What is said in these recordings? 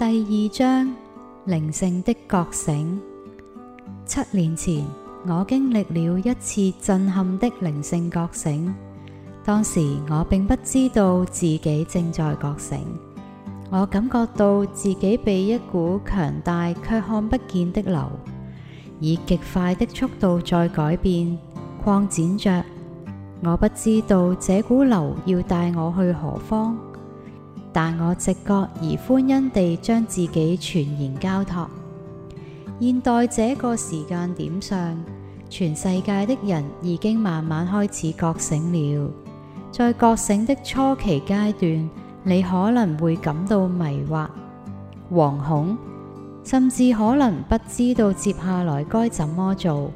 第二章靈性的覺醒。七年前，我經歷了一次震撼的靈性覺醒。當時我並不知道自己正在覺醒，我感覺到自己被一股強大卻看不見的流，以極快的速度在改變、擴展着。我不知道這股流要帶我去何方。但我直覺而歡欣地將自己全然交託。現代這個時間點上，全世界的人已經慢慢開始覺醒了。在覺醒的初期階段，你可能會感到迷惑、惶恐，甚至可能不知道接下來該怎麼做。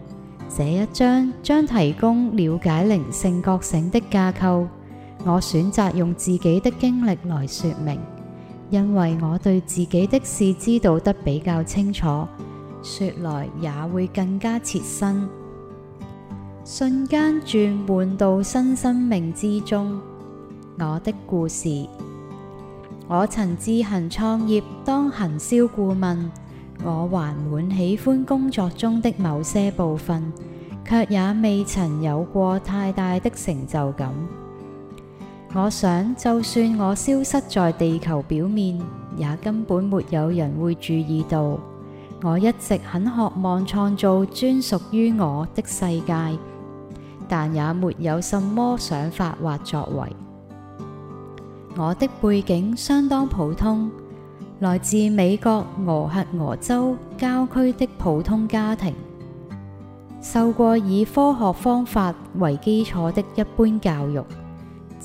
這一章將提供了解靈性覺醒的架構。我選擇用自己的經歷來說明，因為我對自己的事知道得比較清楚，說來也會更加切身。瞬間轉換到新生命之中，我的故事。我曾自行創業，當行銷顧問，我還滿喜歡工作中的某些部分，卻也未曾有過太大的成就感。我想，就算我消失在地球表面，也根本沒有人會注意到。我一直很渴望創造專屬於我的世界，但也沒有什麼想法或作為。我的背景相當普通，來自美國俄亥俄州郊區的普通家庭，受過以科學方法為基礎的一般教育。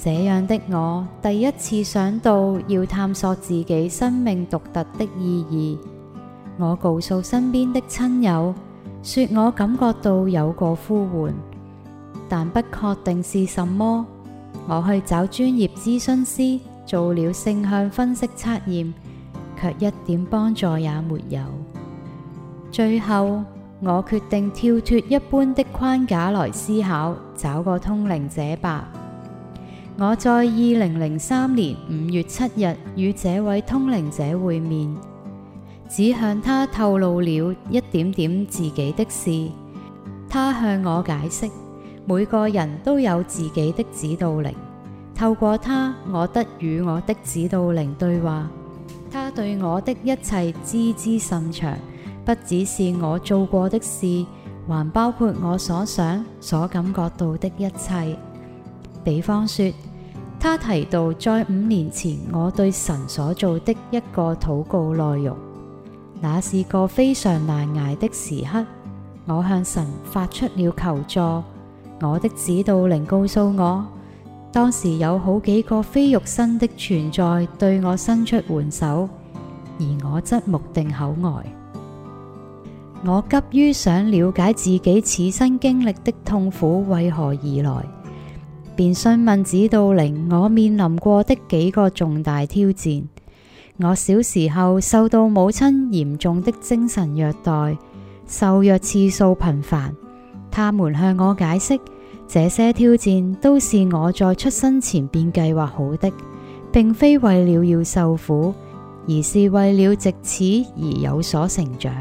這樣的我第一次想到要探索自己生命獨特的意義。我告訴身邊的親友，說我感覺到有個呼喚，但不確定是什麼。我去找專業諮詢師做了性向分析測驗，卻一點幫助也沒有。最後，我決定跳脫一般的框架來思考，找個通靈者吧。我在二零零三年五月七日與這位通靈者會面，只向他透露了一點點自己的事。他向我解釋，每個人都有自己的指導靈，透過他，我得與我的指導靈對話。他對我的一切知之甚詳，不只是我做過的事，還包括我所想、所感覺到的一切。比方說。他提到，在五年前我對神所做的一個禱告內容，那是個非常難捱的時刻。我向神發出了求助，我的指導靈告訴我，當時有好幾個非肉身的存在對我伸出援手，而我則目定口呆。我急於想了解自己此生經歷的痛苦為何而來。便詢問指導靈，我面臨過的幾個重大挑戰。我小時候受到母親嚴重的精神虐待，受虐次數頻繁。他們向我解釋，這些挑戰都是我在出生前便計劃好的，並非為了要受苦，而是為了借此而有所成長。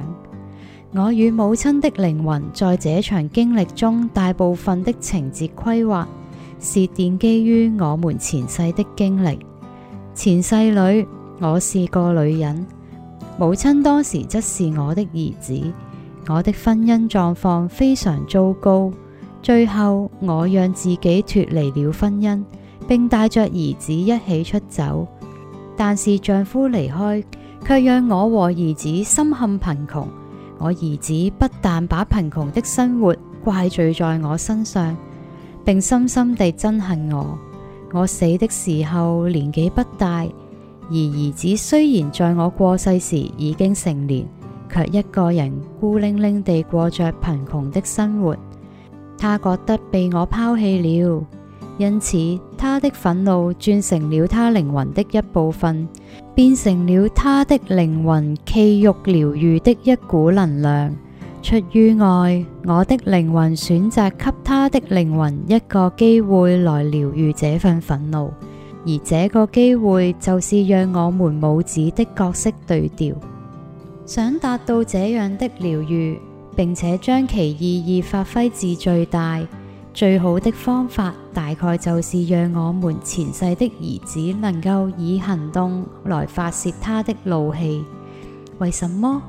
我與母親的靈魂在這場經歷中，大部分的情節規劃。是奠基於我們前世的經歷。前世裏，我是個女人，母親當時則是我的兒子。我的婚姻狀況非常糟糕，最後我讓自己脱離了婚姻，並帶着兒子一起出走。但是丈夫離開，卻讓我和兒子深陷貧窮。我兒子不但把貧窮的生活怪罪在我身上。並深深地憎恨我。我死的時候年紀不大，而兒子雖然在我過世時已經成年，卻一個人孤零零地過着貧窮的生活。他覺得被我拋棄了，因此他的憤怒轉成了他靈魂的一部分，變成了他的靈魂契欲療癒的一股能量。出於愛，我的靈魂選擇給他的靈魂一個機會來療癒這份憤怒，而這個機會就是讓我們母子的角色對調。想達到這樣的療癒，並且將其意義發揮至最大，最好的方法大概就是讓我們前世的兒子能夠以行動來發洩他的怒氣。為什麼？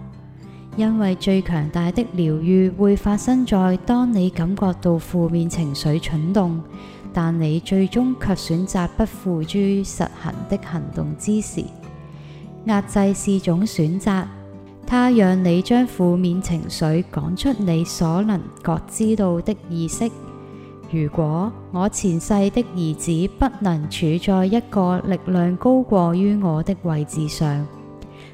因為最強大的療癒會發生在當你感覺到負面情緒蠢動，但你最終卻選擇不付諸實行的行動之時。壓制是種選擇，它讓你將負面情緒講出你所能覺知到的意識。如果我前世的兒子不能處在一個力量高過於我的位置上。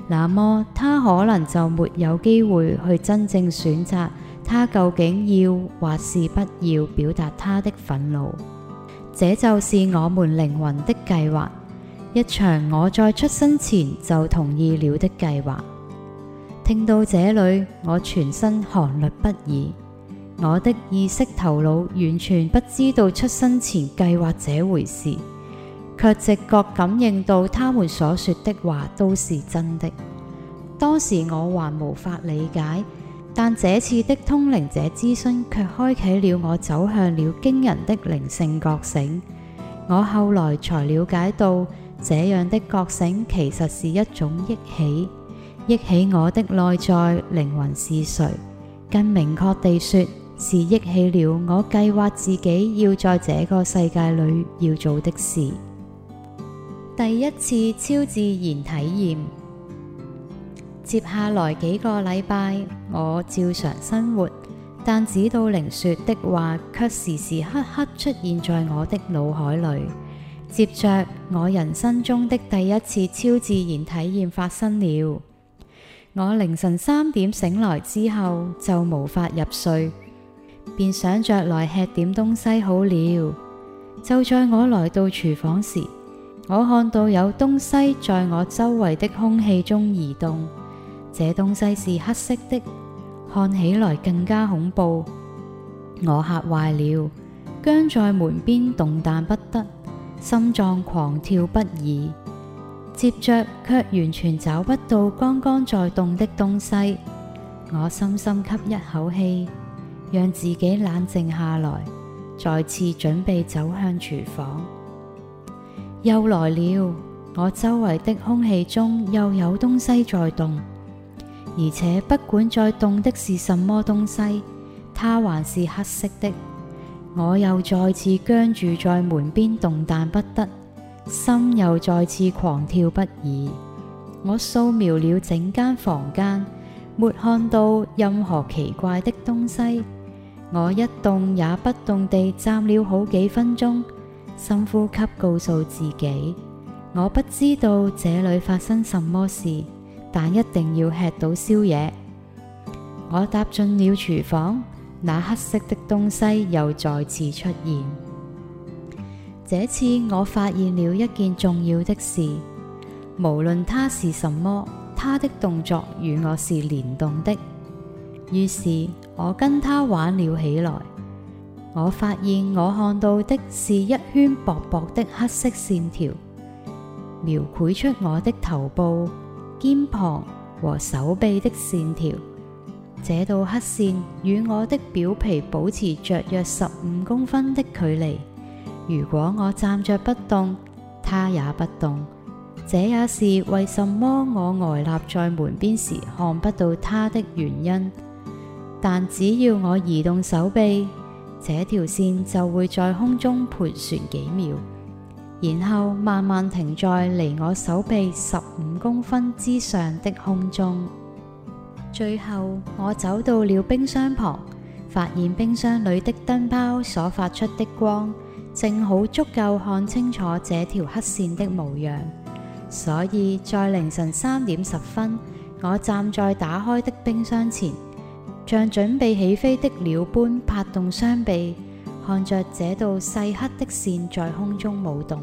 那麼他可能就沒有機會去真正選擇他究竟要或是不要表達他的憤怒。這就是我們靈魂的計劃，一場我在出生前就同意了的計劃。聽到這裏，我全身寒栗不已，我的意識頭腦完全不知道出生前計劃這回事。卻直覺感應到他們所說的話都是真的。當時我還無法理解，但這次的通靈者諮詢卻開啟了我走向了驚人的靈性覺醒。我後來才了解到，這樣的覺醒其實是一種憶起，憶起我的內在靈魂是誰，更明確地說，是憶起了我計劃自己要在這個世界裏要做的事。第一次超自然體驗。接下來幾個禮拜，我照常生活，但指導靈說的話卻時時刻刻出現在我的腦海裏。接着，我人生中的第一次超自然體驗發生了。我凌晨三點醒來之後就無法入睡，便想着來吃點東西好了。就在我來到廚房時，我看到有東西在我周圍的空氣中移動，這東西是黑色的，看起來更加恐怖。我嚇壞了，僵在門邊動彈不得，心臟狂跳不已。接着卻完全找不到剛剛在動的東西。我深深吸一口氣，讓自己冷靜下來，再次準備走向廚房。又來了，我周圍的空氣中又有東西在動，而且不管在動的是什麼東西，它還是黑色的。我又再次僵住在門邊，動彈不得，心又再次狂跳不已。我掃描了整間房間，沒看到任何奇怪的東西。我一動也不動地站了好幾分鐘。深呼吸，告訴自己，我不知道這裏發生什麼事，但一定要吃到宵夜。我踏進了廚房，那黑色的東西又再次出現。這次我發現了一件重要的事，無論它是什麼，它的動作與我是聯動的。於是我跟它玩了起來。我發現我看到的是一圈薄薄的黑色線條，描繪出我的頭部、肩膀和手臂的線條。這道黑線與我的表皮保持着約十五公分的距離。如果我站着不動，它也不動。這也是為什麼我呆立在門邊時看不到它的原因。但只要我移動手臂，這條線就會在空中盤旋幾秒，然後慢慢停在離我手臂十五公分之上的空中。最後，我走到了冰箱旁，發現冰箱裏的燈泡所發出的光，正好足夠看清楚這條黑線的模樣。所以在凌晨三點十分，我站在打開的冰箱前。像準備起飛的鳥般拍動雙臂，看着這道細黑的線在空中舞動。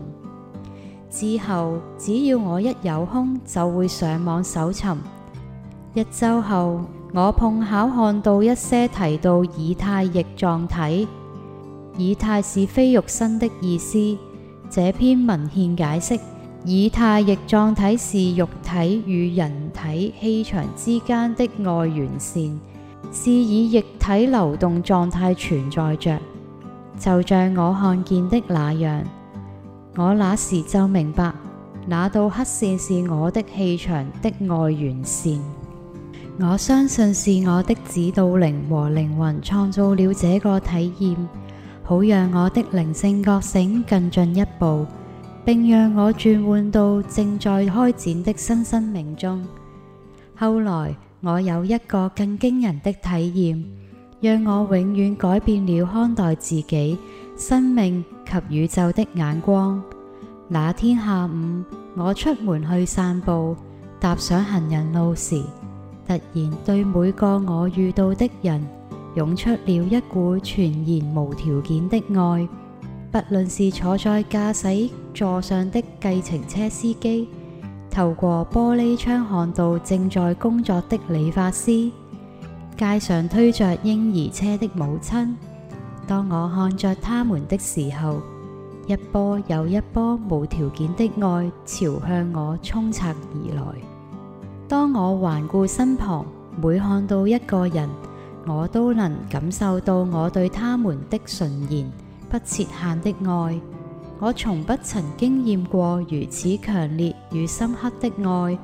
之後，只要我一有空就會上網搜尋。一周後，我碰巧看到一些提到以太翼狀體。以太是非肉身的意思。這篇文獻解釋，以太翼狀體是肉體與人體氣場之間的外緣線。是以液體流動狀態存在着，就像我看見的那樣。我那時就明白，那道黑線是我的氣場的外緣線。我相信是我的指導靈和靈魂創造了這個體驗，好讓我的靈性覺醒更進一步，並讓我轉換到正在開展的新生命中。後來，我有一個更驚人的體驗，讓我永遠改變了看待自己、生命及宇宙的眼光。那天下午，我出門去散步，踏上行人路時，突然對每個我遇到的人，湧出了一股全然無條件的愛。不論是坐在駕駛座上的計程車司機，透過玻璃窗看到正在工作的理髮師，街上推着嬰兒車的母親。當我看着他們的時候，一波又一波無條件的愛朝向我沖刷而來。當我環顧身旁，每看到一個人，我都能感受到我對他們的純然不設限的愛。我從不曾經驗過如此強烈與深刻的愛，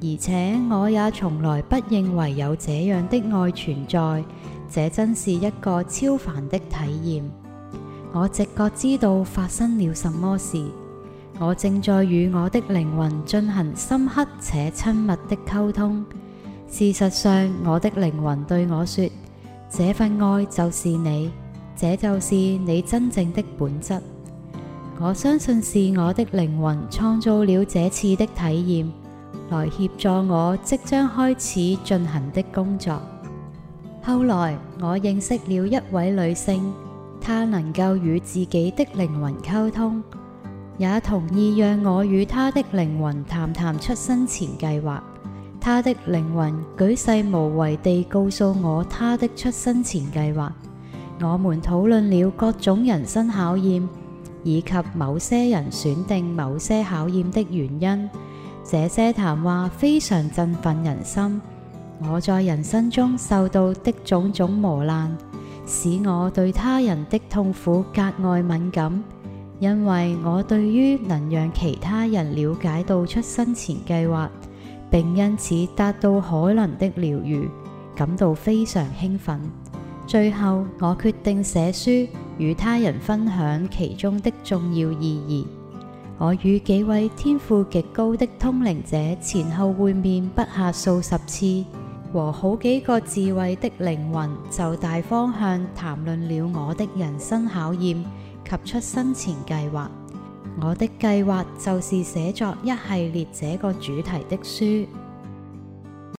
而且我也從來不認為有這樣的愛存在。這真是一個超凡的體驗。我直覺知道發生了什麼事，我正在與我的靈魂進行深刻且親密的溝通。事實上，我的靈魂對我說：這份愛就是你，這就是你真正的本質。我相信是我的靈魂創造了這次的體驗，來協助我即將開始進行的工作。後來我認識了一位女性，她能夠與自己的靈魂溝通，也同意讓我與她的靈魂談談出生前計劃。她的靈魂巨細無遺地告訴我她的出生前計劃，我們討論了各種人生考驗。以及某些人選定某些考驗的原因，這些談話非常振奮人心。我在人生中受到的種種磨難，使我對他人的痛苦格外敏感，因為我對於能讓其他人了解到出生前計劃，並因此達到可能的療癒，感到非常興奮。最後，我決定寫書，與他人分享其中的重要意義。我與幾位天賦極高的通靈者前後會面不下數十次，和好幾個智慧的靈魂就大方向談論了我的人生考驗及出生前計劃。我的計劃就是寫作一系列這個主題的書。